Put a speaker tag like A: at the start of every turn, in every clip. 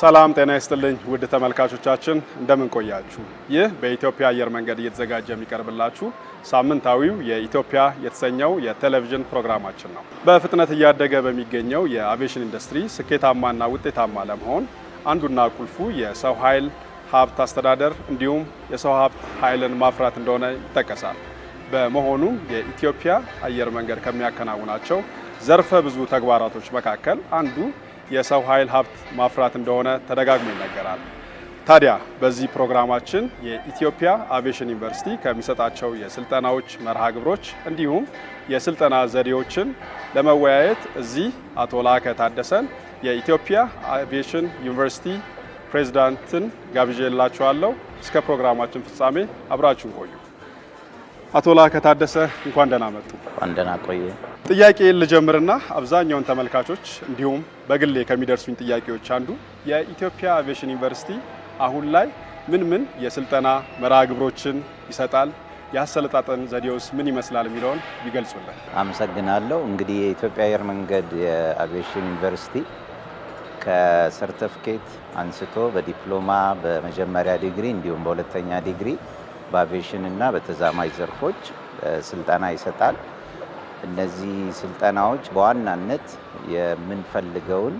A: ሰላም ጤና ይስጥልኝ ውድ ተመልካቾቻችን እንደምን ቆያችሁ? ይህ በኢትዮጵያ አየር መንገድ እየተዘጋጀ የሚቀርብላችሁ ሳምንታዊው የኢትዮጵያ የተሰኘው የቴሌቪዥን ፕሮግራማችን ነው። በፍጥነት እያደገ በሚገኘው የአቪዬሽን ኢንዱስትሪ ስኬታማና ውጤታማ ለመሆን አንዱና ቁልፉ የሰው ኃይል ሀብት አስተዳደር እንዲሁም የሰው ሀብት ኃይልን ማፍራት እንደሆነ ይጠቀሳል። በመሆኑም የኢትዮጵያ አየር መንገድ ከሚያከናውናቸው ዘርፈ ብዙ ተግባራቶች መካከል አንዱ የሰው ኃይል ሀብት ማፍራት እንደሆነ ተደጋግሞ ይነገራል። ታዲያ በዚህ ፕሮግራማችን የኢትዮጵያ አቪዬሽን ዩኒቨርሲቲ ከሚሰጣቸው የስልጠናዎች መርሃ ግብሮች እንዲሁም የስልጠና ዘዴዎችን ለመወያየት እዚህ አቶ ላከ ታደሰን የኢትዮጵያ አቪዬሽን ዩኒቨርሲቲ ፕሬዚዳንትን ጋብዤላችኋለሁ። እስከ ፕሮግራማችን ፍጻሜ አብራችሁ ቆዩ። አቶ ላከ ታደሰ እንኳን ደህና መጡ።
B: እንኳን ደህና ቆየ።
A: ጥያቄ ልጀምርና አብዛኛውን ተመልካቾች እንዲሁም በግሌ ከሚደርሱኝ ጥያቄዎች አንዱ የኢትዮጵያ አቪዬሽን ዩኒቨርሲቲ አሁን ላይ ምን ምን የስልጠና መርሃ ግብሮችን ይሰጣል፣ የአሰለጣጠን ዘዴውስ ምን ይመስላል የሚለውን ይገልጹልን።
B: አመሰግናለሁ። እንግዲህ የኢትዮጵያ አየር መንገድ የአቪዬሽን ዩኒቨርሲቲ ከሰርተፍኬት አንስቶ በዲፕሎማ በመጀመሪያ ዲግሪ እንዲሁም በሁለተኛ ዲግሪ በአቪዬሽን እና በተዛማጅ ዘርፎች ስልጠና ይሰጣል። እነዚህ ስልጠናዎች በዋናነት የምንፈልገውን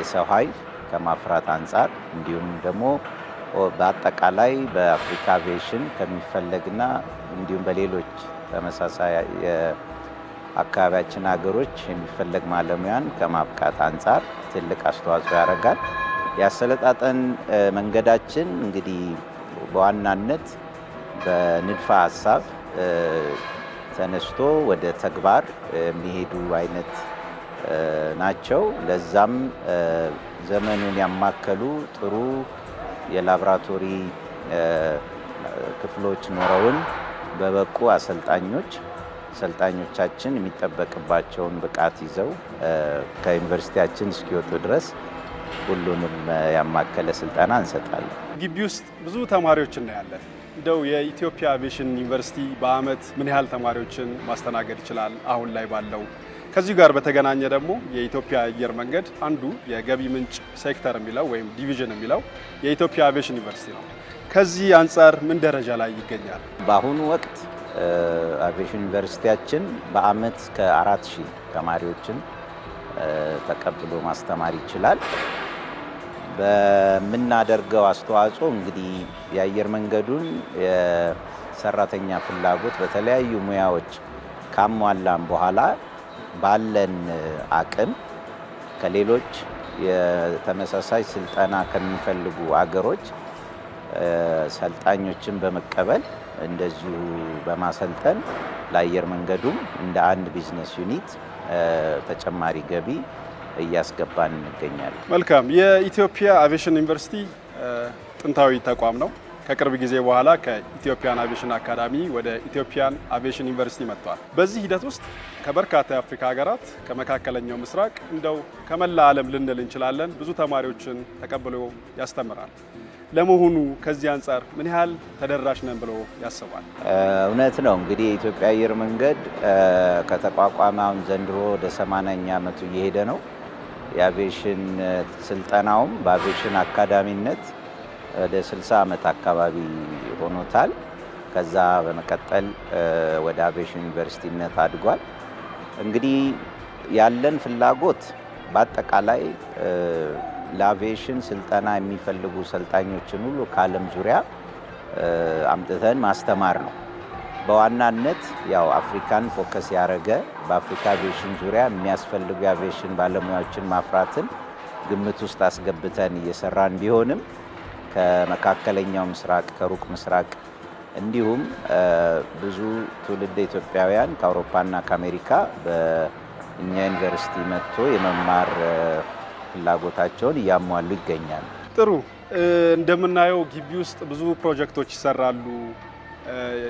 B: የሰው ኃይል ከማፍራት አንጻር እንዲሁም ደግሞ በአጠቃላይ በአፍሪካ አቪዬሽን ከሚፈለግና እንዲሁም በሌሎች ተመሳሳይ የአካባቢያችን ሀገሮች የሚፈለግ ባለሙያን ከማብቃት አንጻር ትልቅ አስተዋጽኦ ያደርጋል። የአሰለጣጠን መንገዳችን እንግዲህ በዋናነት በንድፈ ሀሳብ ተነስቶ ወደ ተግባር የሚሄዱ አይነት ናቸው። ለዛም ዘመኑን ያማከሉ ጥሩ የላብራቶሪ ክፍሎች ኖረውን በበቁ አሰልጣኞች አሰልጣኞቻችን የሚጠበቅባቸውን ብቃት ይዘው ከዩኒቨርሲቲያችን እስኪወጡ ድረስ ሁሉንም ያማከለ ስልጠና እንሰጣለን።
A: ግቢ ውስጥ ብዙ ተማሪዎች እናያለን። እንደው የኢትዮጵያ አቪዬሽን ዩኒቨርሲቲ በአመት ምን ያህል ተማሪዎችን ማስተናገድ ይችላል? አሁን ላይ ባለው ከዚሁ ጋር በተገናኘ ደግሞ የኢትዮጵያ አየር መንገድ አንዱ የገቢ ምንጭ ሴክተር የሚለው ወይም ዲቪዥን የሚለው የኢትዮጵያ አቪዬሽን ዩኒቨርሲቲ ነው። ከዚህ አንጻር ምን ደረጃ ላይ ይገኛል?
B: በአሁኑ ወቅት አቪዬሽን ዩኒቨርሲቲያችን በአመት ከአራት ሺህ ተማሪዎችን ተቀብሎ ማስተማር ይችላል። በምናደርገው አስተዋጽኦ እንግዲህ የአየር መንገዱን የሰራተኛ ፍላጎት በተለያዩ ሙያዎች ካሟላን በኋላ ባለን አቅም ከሌሎች የተመሳሳይ ስልጠና ከሚፈልጉ አገሮች ሰልጣኞችን በመቀበል እንደዚሁ በማሰልጠን ለአየር መንገዱም እንደ አንድ ቢዝነስ ዩኒት ተጨማሪ ገቢ እያስገባን እንገኛለን።
A: መልካም። የኢትዮጵያ አቪዬሽን ዩኒቨርሲቲ ጥንታዊ ተቋም ነው። ከቅርብ ጊዜ በኋላ ከኢትዮጵያን አቪዬሽን አካዳሚ ወደ ኢትዮጵያን አቪዬሽን ዩኒቨርሲቲ መጥቷል። በዚህ ሂደት ውስጥ ከበርካታ የአፍሪካ ሀገራት ከመካከለኛው ምስራቅ እንደው ከመላ ዓለም ልንል እንችላለን ብዙ ተማሪዎችን ተቀብሎ ያስተምራል። ለመሆኑ ከዚህ አንጻር ምን ያህል ተደራሽ ነን ብሎ ያስባል?
B: እውነት ነው እንግዲህ የኢትዮጵያ አየር መንገድ ከተቋቋመ አሁን ዘንድሮ ወደ ሰማንያኛ ዓመቱ እየሄደ ነው። የአቪዬሽን ስልጠናውም በአቪዬሽን አካዳሚነት ወደ 60 ዓመት አካባቢ ሆኖታል። ከዛ በመቀጠል ወደ አቬሽን ዩኒቨርሲቲነት አድጓል። እንግዲህ ያለን ፍላጎት በአጠቃላይ ለአቪዬሽን ስልጠና የሚፈልጉ ሰልጣኞችን ሁሉ ከዓለም ዙሪያ አምጥተን ማስተማር ነው። በዋናነት ያው አፍሪካን ፎከስ ያደረገ በአፍሪካ አቪዬሽን ዙሪያ የሚያስፈልጉ የአቬሽን ባለሙያዎችን ማፍራትን ግምት ውስጥ አስገብተን እየሰራን ቢሆንም ከመካከለኛው ምስራቅ፣ ከሩቅ ምስራቅ እንዲሁም ብዙ ትውልድ ኢትዮጵያውያን ከአውሮፓና ከአሜሪካ በእኛ ዩኒቨርሲቲ መጥቶ የመማር ፍላጎታቸውን እያሟሉ ይገኛል።
A: ጥሩ። እንደምናየው ግቢ ውስጥ ብዙ ፕሮጀክቶች ይሰራሉ።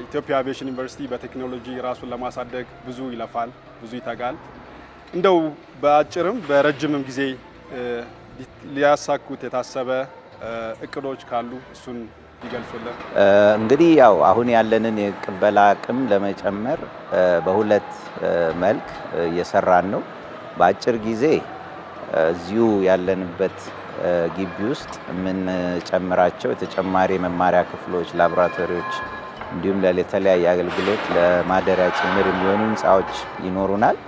A: ኢትዮጵያ አቪዬሽን ዩኒቨርሲቲ በቴክኖሎጂ ራሱን ለማሳደግ ብዙ ይለፋል፣ ብዙ ይተጋል። እንደው በአጭርም በረጅምም ጊዜ ሊያሳኩት የታሰበ እቅዶች ካሉ እሱን ይገልጹልን።
B: እንግዲህ ያው አሁን ያለንን የቅበላ አቅም ለመጨመር በሁለት መልክ እየሰራን ነው። በአጭር ጊዜ እዚሁ ያለንበት ግቢ ውስጥ የምንጨምራቸው የተጨማሪ የመማሪያ ክፍሎች፣ ላቦራቶሪዎች እንዲሁም ለተለያየ አገልግሎት ለማደሪያ ጭምር የሚሆኑ ህንፃዎች ይኖሩናል።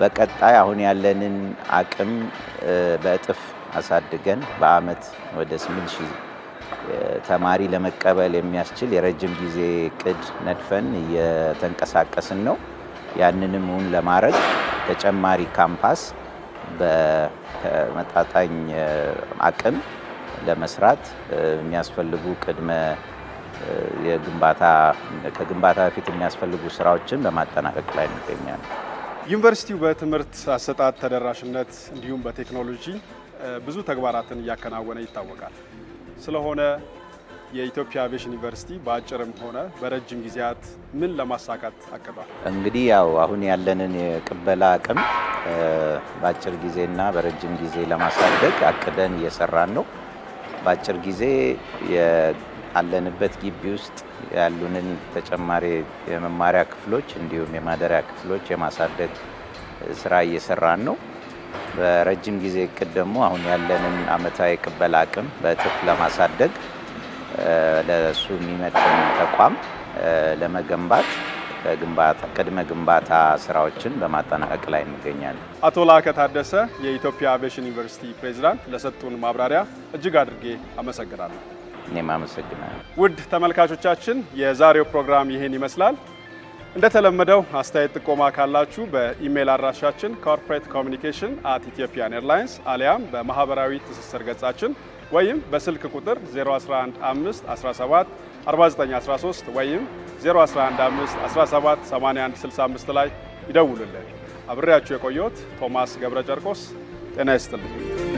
B: በቀጣይ አሁን ያለንን አቅም በእጥፍ አሳድገን በአመት ወደ 8 ሺህ ተማሪ ለመቀበል የሚያስችል የረጅም ጊዜ እቅድ ነድፈን እየተንቀሳቀስን ነው። ያንንም እውን ለማድረግ ተጨማሪ ካምፓስ በመጣጣኝ አቅም ለመስራት የሚያስፈልጉ ቅድመ የግንባታ ከግንባታ በፊት የሚያስፈልጉ ስራዎችን በማጠናቀቅ ላይ እንገኛለን።
A: ዩኒቨርሲቲው በትምህርት አሰጣጥ ተደራሽነት እንዲሁም በቴክኖሎጂ ብዙ ተግባራትን እያከናወነ ይታወቃል። ስለሆነ የኢትዮጵያ አቪዬሽን ዩኒቨርሲቲ በአጭርም ሆነ በረጅም ጊዜያት ምን ለማሳካት አቅዷል?
B: እንግዲህ ያው አሁን ያለንን የቅበላ አቅም በአጭር ጊዜና በረጅም ጊዜ ለማሳደግ አቅደን እየሰራን ነው። በአጭር ጊዜ አለንበት ግቢ ውስጥ ያሉንን ተጨማሪ የመማሪያ ክፍሎች እንዲሁም የማደሪያ ክፍሎች የማሳደግ ስራ እየሰራን ነው። በረጅም ጊዜ እቅድ ደግሞ አሁን ያለንን አመታዊ ቅበላ አቅም በእጥፍ ለማሳደግ ለእሱ የሚመጥን ተቋም ለመገንባት ቅድመ ግንባታ ስራዎችን በማጠናቀቅ ላይ እንገኛለን።
A: አቶ ላከ ታደሰ የኢትዮጵያ አቪዬሽን ዩኒቨርሲቲ ፕሬዚዳንት ለሰጡን ማብራሪያ እጅግ አድርጌ አመሰግናለሁ።
B: እኔም አመሰግናለሁ።
A: ውድ ተመልካቾቻችን የዛሬው ፕሮግራም ይህን ይመስላል። እንደተለመደው አስተያየት ጥቆማ ካላችሁ በኢሜይል አድራሻችን ኮርፖሬት ኮሚኒኬሽን አት ኢትዮጵያን ኤርላይንስ አሊያም በማህበራዊ ትስስር ገጻችን ወይም በስልክ ቁጥር 0115174913 ወይም 0115178165 ላይ ይደውሉልን። አብሬያችሁ የቆየሁት ቶማስ ገብረ ጨርቆስ ጤና ይስጥልኝ።